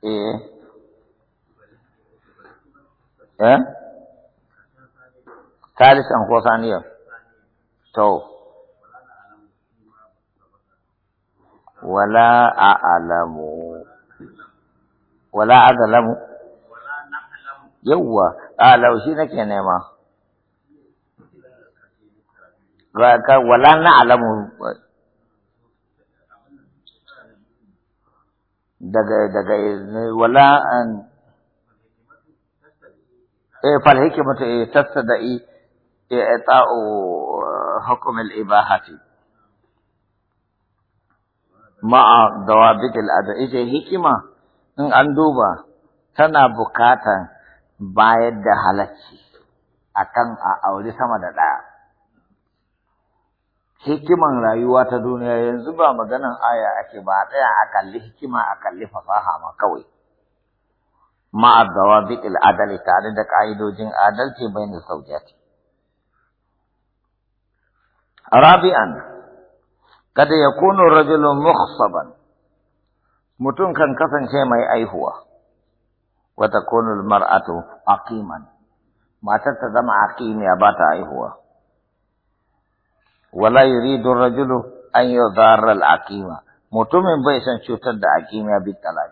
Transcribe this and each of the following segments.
Eh. Eh? Salisan ko saniyar? To. Wala alamu Wala adalamu. Yawwa, alamu shi nake nema. Wala na alamu daga daga wala an eh fal hikmatu eh, tasdai i'ta'u eh, hukum al-ibahati ma'a dawabit al-adai hikima in an duba tana bukatan bayar da halacci akan a aure sama da ɗaya hikiman rayuwa ta duniya yanzu ba maganan aya ake ba ɗaya tsaya a kalli hikima a kalli fasaha ma kawai ma'adawa biƙil adali tare da ƙa'idojin adalci bai na saujati rabi'an kada ya kuno rajulun muhsaban mutum kan kasance mai aihuwa wata kunul mar'atu aqiman matar ta zama aqimiya ba ta aihuwa wala yuridu rajulu an yudhara al-aqima mutumin bai san cutar da aqima bi talaq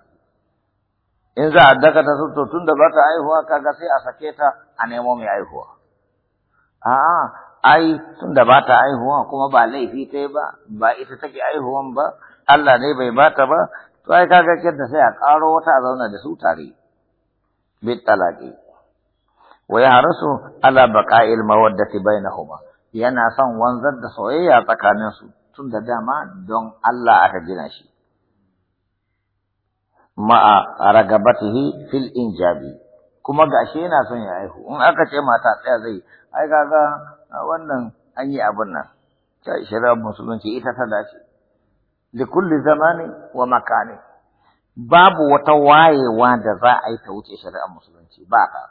in za a dakata su to tunda ba ta aihuwa kaga sai a sake ta a nemo mai aihuwa a'a ai tunda ba ta aihuwa kuma ba laifi ta ba ba ita take aihuwan ba Allah ne bai bata ba to ai kaga kinta sai a karo wata a zauna da su tare bi talaqi wa yahrasu ala baqa'il mawaddati bainahuma yana son wanzar da soyayya tsakaninsu tun da dama don Allah aka gina shi. Ma'a ragabatihi fil injabi kuma ga shi yana son ya haihu in aka ce mata tsaya zai ai kaga wannan an yi abin nan ta shirya musulunci ita ta dace Da kulli zamani wa makani babu wata wayewa da za a yi ta wuce shari'ar musulunci ba ka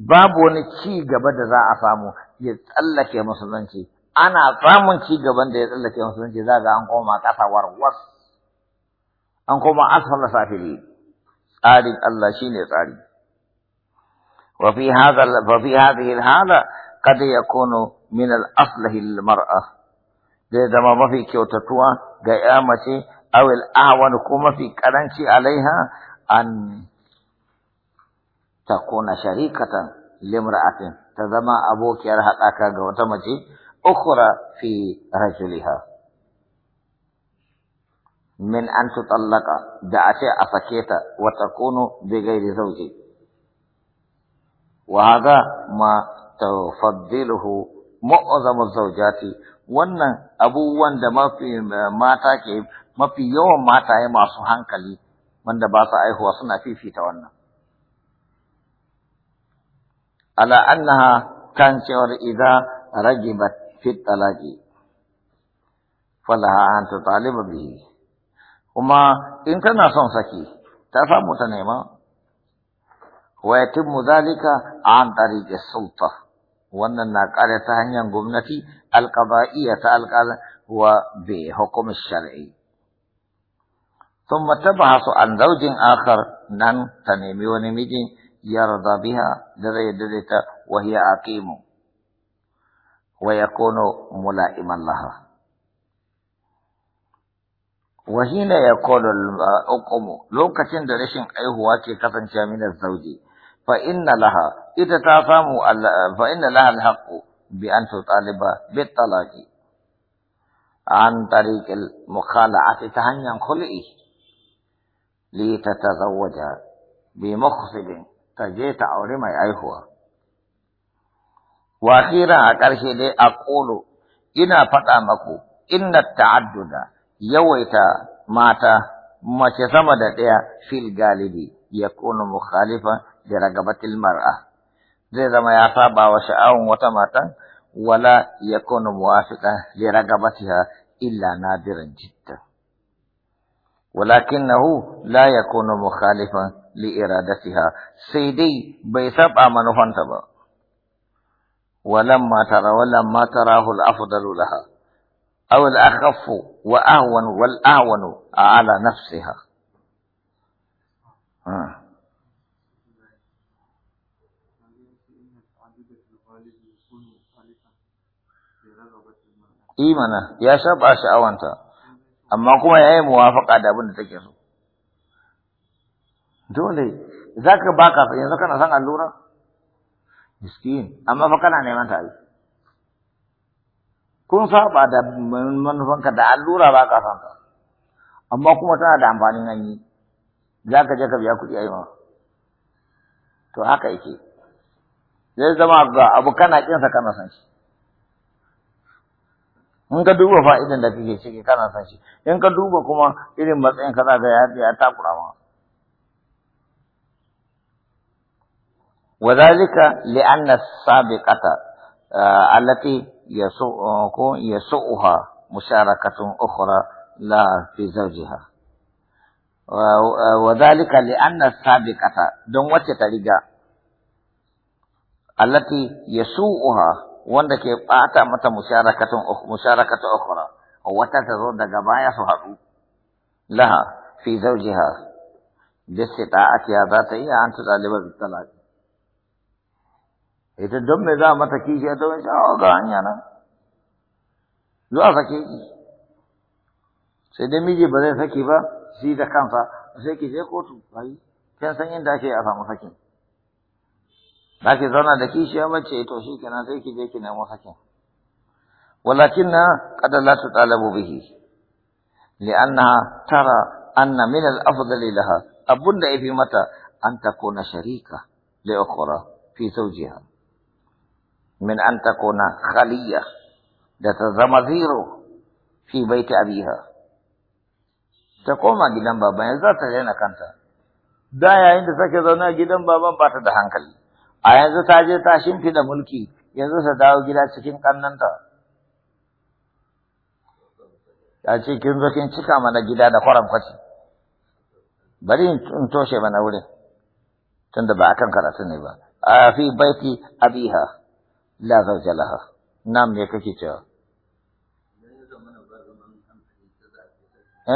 babu wani ci gaba da za a samu ya tsallake musulunci ana samun ci gaban da ya tsallake musulunci za ga an koma kasa warwas an koma asfala safili tsarin Allah shine tsari wa fi hadha wa fi hadhihi al-hala qad yakunu min al-aslahi lil-mar'a zai zama mafi kyautatuwa ga ya mace aw al-ahwan ko mafi karanci alaiha an takuna sharikatan limra'atin تزما أبوك يرها أكا غوتمتي أخرى في رجلها من أن تطلق دعتي أسكيتا وتكون بغير زوجي وهذا ما تفضله معظم الزوجات وانا أبو دا ما في ماتا كيف ما في يوم ماتا ما سوهان كلي من دا باسا أيه وصنا في في تونا ala annaha kan cewar idza ragibat fit talaqi falaha an tutaliba bihi kuma in tana son saki ta samu ta nema wa yatimmu dhalika an tariqi sulta wannan na kare ta hanyar gwamnati alqaba'iyya ta alqala wa bi hukum shar'i an zawjin akhar nan ta nemi wani miji يرضى بها دذي دذيتا وهي عقيم ويكون ملائما لها وهنا يقول الأقم لو كتن درشن أيهوا كي كتن من الزوج فإن لها إذا تافاموا فإن لها الحق بأن تطالب بالطلاق عن طريق المخالعة تهنيا خلئه لتتزوج بمخصب ta je ta aure mai aihuwa. Wakira a ƙarshe dai a ƙolo, ina faɗa maku, inna ta'adduda yawaita mata mace sama da ɗaya fil galibi ya mu mukhalifa da ragabatil mar'a. Zai zama ya saba wa sha'awun wata matan wala ya kunu muwafiqa na ragabatiya illa nahu la ولكنه لا يكون مخالفا لإرادتها سيدي بيسب آمنهن تبا ولما ترى ولما تراه الأفضل لها أو الأخف وأهون والأهون على نفسها آه. إيمانا يا ya أشأ sha'awanta أما kuma ya yi muwafaka تكيسو dole za ka ba ka yanzu kana son allura miskin amma fa kana neman ta yi kun saba da manufanka da allura ba ka son ta amma kuma tana da amfanin hanyi, za ka je ka biya kuɗi a yi ma to haka yake zai zama ga abu kana kinsa kana son shi in ka duba fa'idan da kake ciki kana son shi in ka duba kuma irin matsayin ka za ka ya takura ma وذلك لأن السابقة آه، التي يسوءها مشاركة أخرى لا في زوجها وذلك لأن السابقة دموة تريجا التي يسوءها وانك أعطى متى مشاركة مشاركة أخرى وتتزود دقبايا سهر لها في زوجها باستطاعتها ذاتية أن تطالب بالطلاق إذا دم إذا ما تكيش يا دم أو غاني أنا لا تكيش سيدمي جي بدل تكيبا سيدا كان فا سيدا كيش يقوتو باي كان سنين داشي أفا مفاكين لكن زنا دكيش يا مجي إتوشي كنا سيدا كيش يكينا مفاكين ولكن قد لا تطالب به لأنها ترى أن من الأفضل لها أبن إفي متى أن تكون شريكة لأخرى في زوجها من أن تكون خلية ذات زمزير في بيت أبيها تقوم جدا بابا ذات لنا kanta. da yayin da take zaune a gidan baban ba ta da hankali a yanzu ta je ta shimfi mulki yanzu ta dawo gida cikin kannanta ta ce kin zo kin cika mana gida da kwaram kwaci bari in toshe mana wurin tunda ba akan karatu ne ba a fi baiti abiha la zauja laha na me kake cewa eh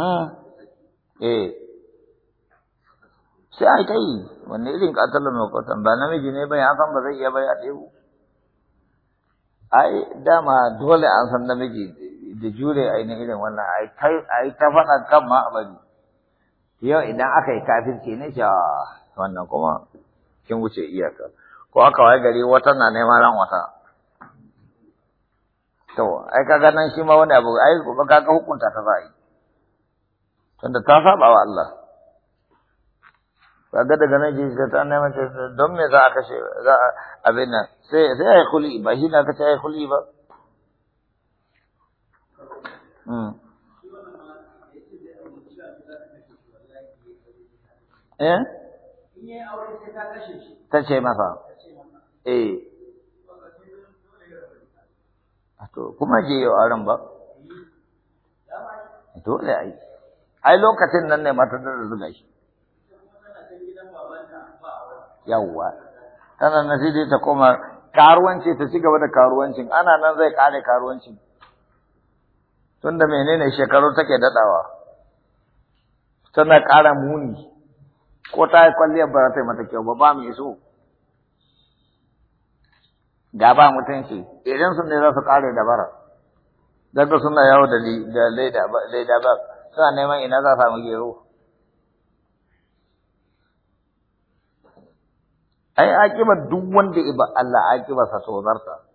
hmm. Eh. Sai ai kai wanne irin katalan makwatan ba namiji ne ba ya san ba zai iya ba ya tebu. Ai dama dole an san namiji da jure yi irin wannan a yi ta faɗan kan ma a bari yau idan aka yi ke ne sha ah, wannan kuma kin wuce iyaka ko aka wai gari wata na neman ran wata to ai kaga nan shi ma wani abu ai gobe kaga hukunta ta zai yi tunda ta saba wa Allah kaga daga nan ji ta ta neman don me za a kashe za a abin nan sai sai ai khuli ba shi na kace ai khuli ba Hmm. eh ta ce masa eh ah, to kuma je yau auren ba eh, dole ai ai lokacin nan ne matar da zuga shi yawwa tana nan sai ta koma karuwanci ta ci gaba da karuwancin ana nan zai kare karuwancin tunda menene shekaru take daɗawa tana ƙara muni ko ta yi kwalliyar ba ta mata kyau ba ba mai so ga ba mutunci idan sun ne za su ƙare dabara daga suna yawo da laida ba suna neman ina za samu gero ai akibar duk wanda iba Allah akibarsa tsoronarsa